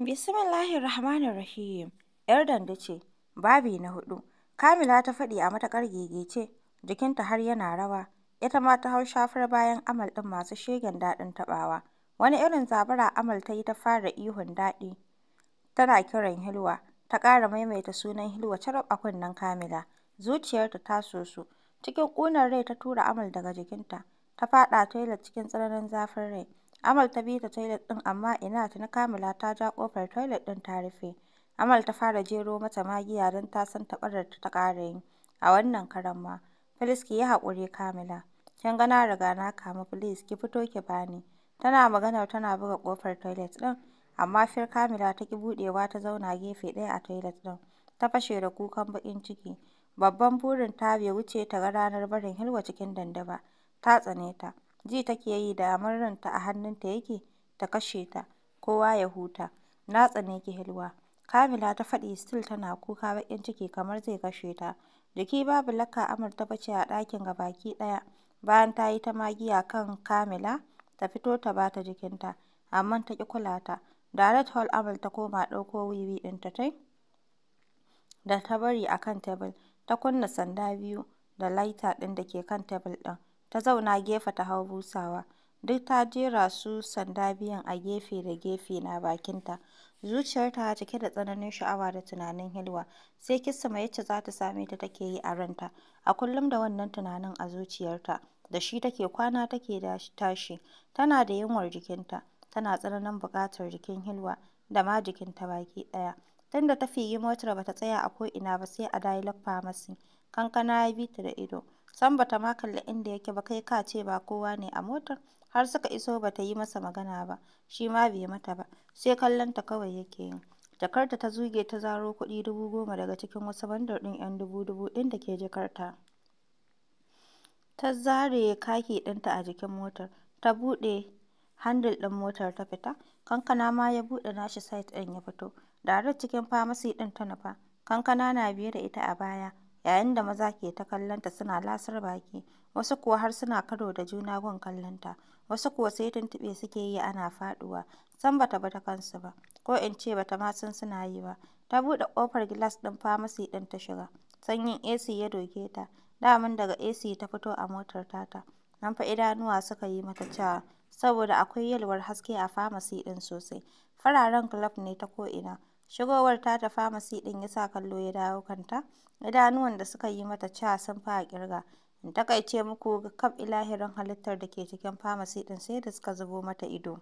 Rahim. ‘Yar Dande ce. Babi na hudu. Kamila ta faɗi a matuƙar gegece, jikinta har yana rawa. Ita ma ta hau shafar bayan Amal ɗin masu shegen daɗin taɓawa. Wani irin zabara Amal ta yi ta fara ihun daɗi, tana kiran Hilwa. Ta ƙara maimaita sunan Hilwa carab a kunnen Kamila. Zuciyarta ta soso. Cikin ƙunar rai ta tura Amal daga jikinta, ta faɗa toilet cikin tsananin zafin rai. Amal ta bi ta toilet ɗin amma ina tuni Kamila ta ja kofar toilet ɗin ta rufe. Amal ta fara jero mata magiya don ta san taɓararta ta ƙara yi, a wannan karan ma. Please ki yi haƙuri Kamila, kin ga na riga na kamu please ki fito ki bani. Tana maganar tana buga kofar toilet ɗin, amma fir Kamila ta ki buɗewa ta zauna gefe ɗaya a toilet ɗin, ta fashe da kukan baƙin ciki. Babban burin ta bai wuce ta ga ranar barin Hilwa cikin dandaba. ta tsane ta. Ji take yi da a a hannunta yake ta kashe ta, kowa ya huta, na tsane ki hilwa. Kamila ta faɗi still tana kuka baƙin ciki kamar zai kashe ta, jiki babu lakka Amur ta bace a ɗakin baki ɗaya, bayan ta yi ta magiya kan Kamila ta fito ta bata jikinta, amma ta ki kula ta, Direct Hall Amur ta koma ɗauko wiwi ɗinta ta da ta bari a kan tebul ta kunna sanda biyu da laita ɗin da ke kan tebul ɗin. ta zauna gefe ta hau busawa, duk ta jera su sanda biyan a gefe da gefe na bakinta, zuciyarta cike da tsananin sha'awa da tunanin hilwa, sai kissima yacce za ta same ta take yi a ranta, a kullum da wannan tunanin a zuciyarta, da shi take kwana take tashi, tana da yunwar jikinta, tana tsananin buƙatar jikin hilwa da ma jikinta baki ɗaya. Tunda ta figi motar ba ta tsaya a ko'ina ba sai a Dialogue Pharmacy, kankana ya bi ta da ido. San bata ta ma inda yake ba kai ka ce ba kowa ne a motar, har suka iso ba ta yi masa magana ba, shi ma bai mata ba, sai kallon ta kawai yake yi. Jakarta ta zuge ta zaro kuɗi dubu goma daga cikin wasu bandar ɗin 'yan dubu-dubu ɗin da ke jakarta. Ta zare kaki ɗinta a jikin motar, ta buɗe handil ɗin motar ta fita, Kankana ma ya buɗe nashi site ɗin ya fito, da cikin famasi ɗin ta nufa, Kankana na biye da ita a baya, yayin da maza ke ta kallonta suna lasar baki, wasu kuwa har suna karo da juna gun kallonta, wasu kuwa sai tuntuɓe suke yi ana faduwa san bata bata kansu ba, ko in ce bata ma sun suna yi ba. Ta buɗe kofar gilas ɗin famasi ɗin ta shiga, sanyin AC ya doke ta, daman daga AC ta fito a motar tata, nan fa idanuwa suka yi mata cewa saboda akwai yalwar haske a famasi ɗin sosai, fararen club ne ta ko ina. Shigowar ta ta famasi din ya sa kallo ya dawo kanta, idanuwan da suka yi mata ca sun fi a kirga In takaice muku kaf ilahirin halittar da ke cikin famasi din sai da suka zubo mata ido.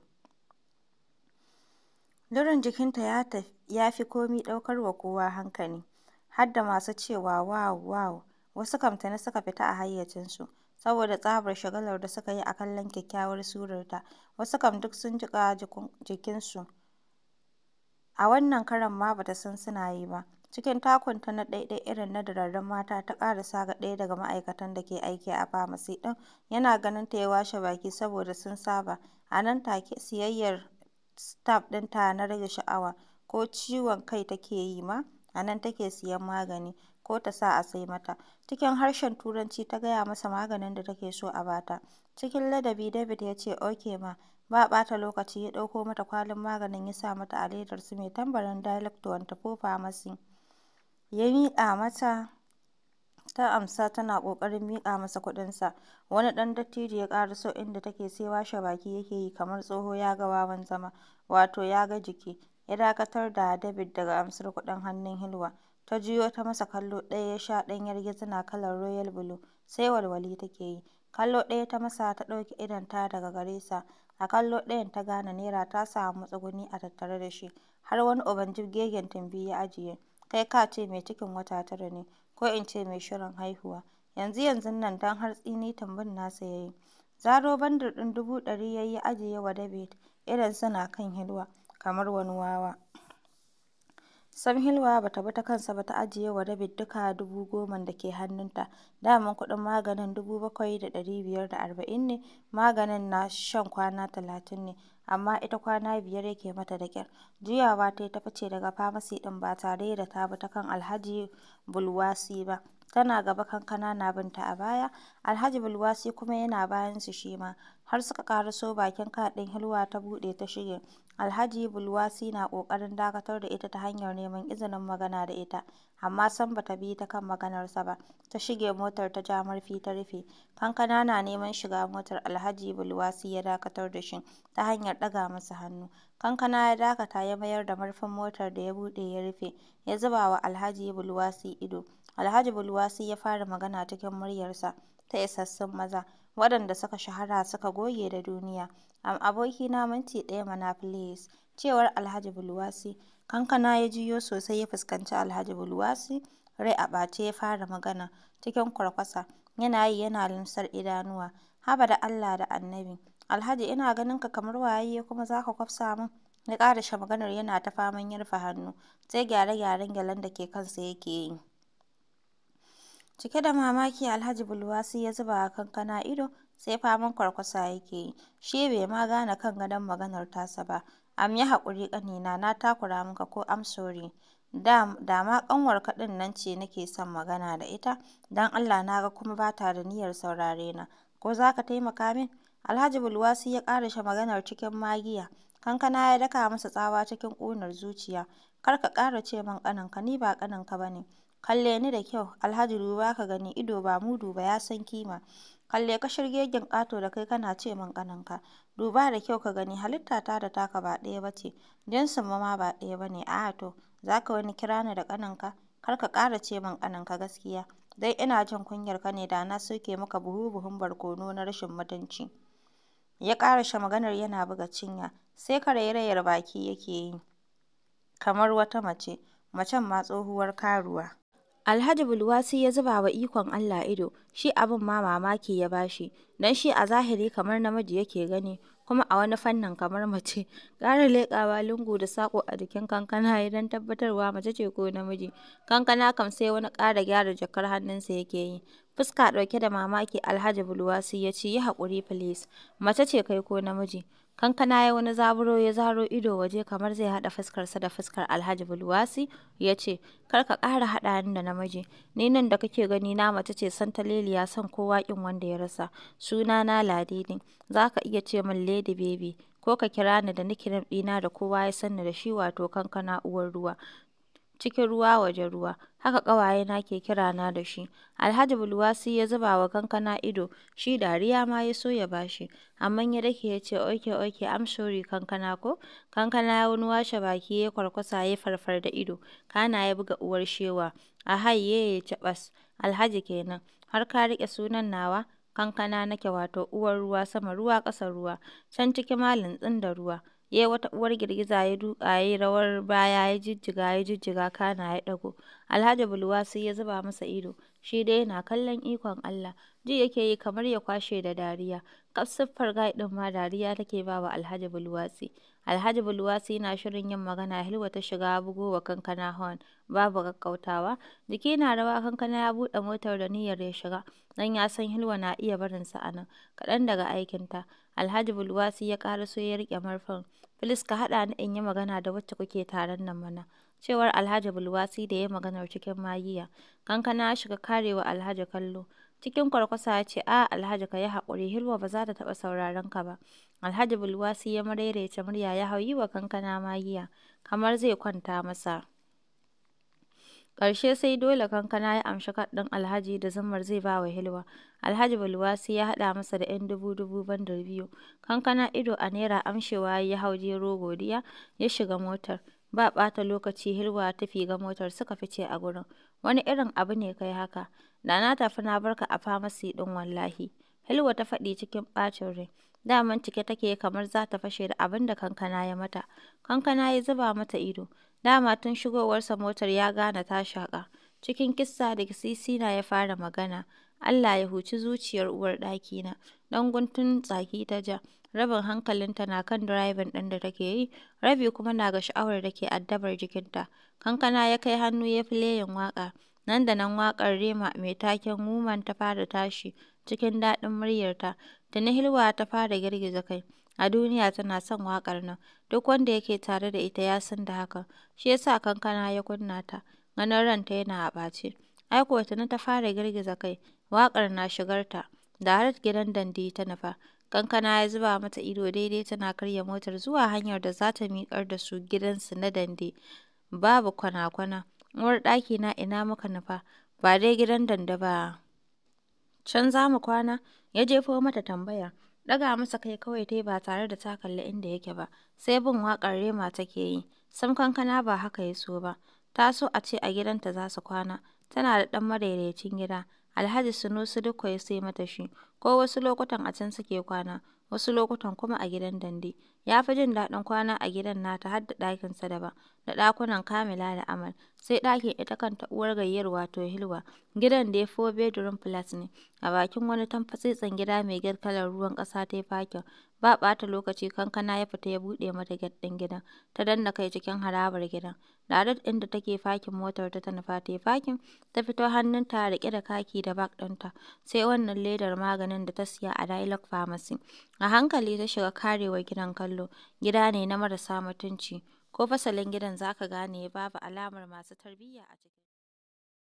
Lurin jikinta ya fi komi daukar wa kowa hankali, har da masu cewa wow wow, wasu kam suka fita a hayyacinsu. saboda tsabar shagalar da suka yi a kallon kyakkyawar surarta, wasu kam duk sun jiƙa jikinsu A wannan karon ma ba ta san suna yi ba, cikin takunta na ɗaiɗai irin na dararren mata ta ƙarasa ga ɗaya daga ma'aikatan da ke aiki a famasi ɗin, yana ganin ta ya washe baki saboda sun saba, a nan take siyayyar staf ta na rage sha'awa, ko ciwon kai take yi ma, a nan take siyan magani, ko ta sa a sai mata, cikin harshen Turanci ta gaya masa maganin da take so a bata cikin ladabi David ya ce, OK ma. Ba ɓata lokaci ya ɗauko mata kwalin maganin ya sa mata a ledarsu mai tambarin Dialect 24 Pharmacy, ya miƙa mata, ta amsa tana ƙoƙarin miƙa masa kuɗinsa. Wani ɗan dattijo ya ƙara so inda take sai washe baki yake yi kamar tsoho ya ga wawan zama, wato ya ga jiki. Ya dakatar da David daga amsar kuɗin hannun hilwa ta juyo ta masa kallo ɗaya ya sha ɗanyar gezina kalar royal blue, sai walwali take yi. Kallo ɗaya ta masa ta ɗauke idonta daga gare sa, a kallo ɗayan ta gane Naira ta samu tsuguni a tattare da shi, har wani uban jirgin tumbi ya ajiye, kai ka ce mai cikin wata tara ne, ko in ce mai shirin haihuwa, yanzu yanzu nan dan har tsini tumbin nasa ya yi. Zaro bandir ɗin dubu ɗari ya yi ajiye wa David, irin suna kan Hilwa, kamar wani wawa. Sam hilwa ba ta bi kansa ba ta ajiye wa rabin duka dubu goman da ke hannunta, daman kuɗin maganin dubu bakwai da da biyar arba'in ne, maganin na shan kwana talatin ne, amma ita kwana biyar yake mata da kyar juyawa ta yi ta fice daga famasi ɗin ba tare da ta bi ta kan Alhaji Bulwasi ba. tana gaba kankana na binta a baya, Alhaji bulwasi kuma yana bayansu shi ma, har suka so bakin kaɗin Hilwa ta buɗe ta shige, Alhaji bulwasi na ƙoƙarin dakatar da ita ta hanyar neman izinin magana da ita. amma san bata bi ta kan maganarsa ba, ta shige motar ta ja murfi ta rufe. Kankana na neman shiga motar Alhaji Bulwasi ya dakatar da shi ta hanyar ɗaga masa hannu. Kankana ya dakata ya mayar da murfin motar da ya buɗe ya rufe, ya zuba wa Alhaji Bulwasi ido. Alhaji Bulwasi ya fara magana cikin muryarsa ta isassun maza, waɗanda suka shahara suka goge da duniya. Am abokina minti ɗaya mana cewar Alhaji Bulwasi. Kankana ya juyo sosai ya fuskanci Alhaji bulwasi rai a ɓace ya fara magana cikin kwarkwasa, yana yi yana limsar idanuwa, haba da Allah da Annabi, Alhaji ina ganin ka kamar ya kuma za ka kwafsa min, ya ƙara shi maganar yana ta faman yarfa hannu, sai gyare-gyaren gyalen da ke kansa yake yi. Cike da mamaki Alhaji bulwasi ya zuba a Kankana ido, sai faman kwarkwasa yake yi, shi bai ma gane kan gadon maganar tasa ba. Am yi haƙuri ƙanina na takura maka ko am sorry, da ma ƙanwarka ɗin nan ce nake son magana da ita don Allah na ga kuma ba ta da niyyar saurare na, ko za ka taimaka min? Alhaji bulwasi ya ƙarashe maganar cikin magiya, Kankana ya daka masa tsawa cikin ƙunar zuciya, “Kar ka ƙara ce min ka ni ba ƙaninka ba ne, kalle ni da kyau, Alhaji duba ka gani, ido ba mudu ba ya san kima, kalle ka shirge gin ƙato da kai kana ce min ka Duba da kyau ka gani halitta ta da taka ba ɗaya ba ce, jinsinmu ma ba ɗaya ba ne, a'a to, za ka wani kira ni da ƙaninka? Kar ka ƙara ce min ƙaninka gaskiya, dai ina jin kunyar ka ne da na soke maka buhu-buhun barkono na rashin mutunci. Ya ƙara ƙarashe maganar yana buga cinya, sai rairayar baki yake yi, kamar wata mace, macen ma tsohuwar karuwa. Alhaji Bulwasi ya zuba wa ikon Allah ido, shi abin ma mamaki ya ba shi, don shi a zahiri kamar namiji yake gani, kuma a wani fannin kamar mace, ƙara leƙawa lungu da saƙo a jikin kankana don tabbatarwa mace ce ko namiji, kankana kam sai wani ƙara gyara jakar hannunsa yake yi, fuska ɗauke da mamaki Alhaji Bulwasi ya ci yi haƙuri filis, mace ce kai ko namiji? Kankana ya wani zaburo ya zaro ido waje kamar zai haɗa fuskarsa da fuskar Alhaji Bulwasi, ya ce, Kar ka ƙara haɗa da namiji, ni nan da kake gani na mace ce san santaleliya son kowa ƙin wanda ya rasa, suna na za ka iya ce min Lady Baby, ko ka kira ni da nikiran ɗina da kowa ya san ni da shi wato Kankana uwar ruwa. cikin ruwa waje ruwa, haka ƙawayena ke kira na da shi. Alhaji bulwasi ya zuba wa kankana ido, shi dariya ma ya so ya ba shi, amma ya dake ya ce, oke-oke am sorry kankana ko? Kankana ya wani washe baki ya kwarkwasa ya farfar da ido, kana ya buga uwar shewa, A haye ya bas Alhaji kenan, har ka riƙe sunan nawa? Kankana nake wato uwar ruwa sama ruwa ƙasa ruwa, can ciki malin tsinda da ruwa. ya yi wata uwar girgiza ya duƙa ya yi rawar baya ya jijjiga ya jijjiga kana ya ɗago. Alhaji Bulwasi ya zuba masa ido, shi dai yana kallon ikon Allah, ji yake yi kamar ya kwashe da dariya, kaf siffar ɗin ma dariya take ba wa Alhaji Bulwatsi. Alhaji bulwasi na shirin yin magana, Hilwa ta shiga wa kankana horn babu kautawa Jiki na rawa, Kankana ya buɗe motar da niyyar ya shiga, don ya san Hilwa na iya barinsa a nan, kaɗan daga aikin ta Alhaji bulwasi ya so ya riƙe marfan Filis ka haɗa ni in yi magana da wacce kuke taron nan mana. Cewar Alhaji bulwasi da ya yi maganar cikin magiya. Kankana ya shiga karewa Alhaji kallo. Cikin kwarkwasa ya ce, a Alhaji ka yi haƙuri, Hilwa ba za ta taɓa sauraron ka ba.” Alhaji bulwasi ya maraireta murya ya hau yi wa kankana magiya, kamar zai kwanta masa. Ƙarshe sai dole kankana ya amshi kaɗin Alhaji da zumar zai ba wa Hilwa. Alhaji bulwasi ya haɗa masa da ‘yan dubu-dubu da biyu. Kankana ido a naira amshewa ya ya hau jero godiya, ya shiga motar. Ba ɓata lokaci Hilwa ta ga motar suka fice a gurin. Wani irin abu ne kai haka? Da na tafi na barka a famasi ɗin wallahi. Hilwa ta faɗi cikin ɓacin rai. Daman cike take kamar za ta fashe da abin da Kankana ya mata. Kankana ya zuba mata ido. Dama tun shigowarsa motar ya gane ta shaƙa. Cikin kissa da sisina ya fara magana, Allah ya huci zuciyar uwar ɗakina ɗan guntun tsaki ta ja, rabin hankalinta na kan driving ɗin da take yi, rabi kuma na ga sha'awar da ke addabar jikinta. Kankana ya kai hannu ya fi fileyin waka nan da nan wakar Rema mai taken Woman ta fara tashi cikin daɗin muryarta, na Hilwa ta fara girgiza kai. A duniya tana son wakar nan, duk wanda yake tare da ita ya san da hakan, shi yasa Kankana ya kunna ta. ganin ranta yana a ɓace. Ai kuwa tuni ta fara girgiza kai, waƙar na shigarta, da har gidan Dande ta nufa. Kankana ya zuba mata ido daidai tana karya motar zuwa hanyar da za ta miƙar da su gidansu na Dande. Babu kwana-kwana, uwar na ina muka nufa, ba dai gidan Dande ba. Can za mu kwana? Ya jefo mata tambaya. Ɗaga masa kai kawai ta ba tare da ta inda yake ba, sai bin waƙar rema take yi. Sam kankana ba haka ya so ba. Ta so a ce a gidanta za su kwana, tana da ɗan madaidaicin gida, Alhaji Sunusi Dikko ya sai mata shi, ko wasu lokutan a can suke kwana, wasu lokutan kuma a gidan Dande. Ya fi jin daɗin kwana a gidan nata har da ɗakinsa daban, da ɗakunan Kamila da Amal, sai ɗakin ita kanta uwar gayyar wato Hilwa, gidan dai 4 bedroom flat ne, a bakin wani tanfatsetsen gida mai girkalar ruwan ƙasa ta yi fakin. Ba ɓata lokaci Kankana ya fita ya buɗe mata get ɗin gidan, ta danna kai cikin harabar gidan. Direct inda take fakin motar ta nufa ta yi fakin, ta fito hannunta riƙe da kaki da bak ɗinta, sai wannan ledar maganin da ta siya a dialog Pharmacy. A hankali ta shiga karewar gidan kallo, gida ne na marasa mutunci, ko fasalin gidan zaka gane babu alamar masu tarbiyya a ciki.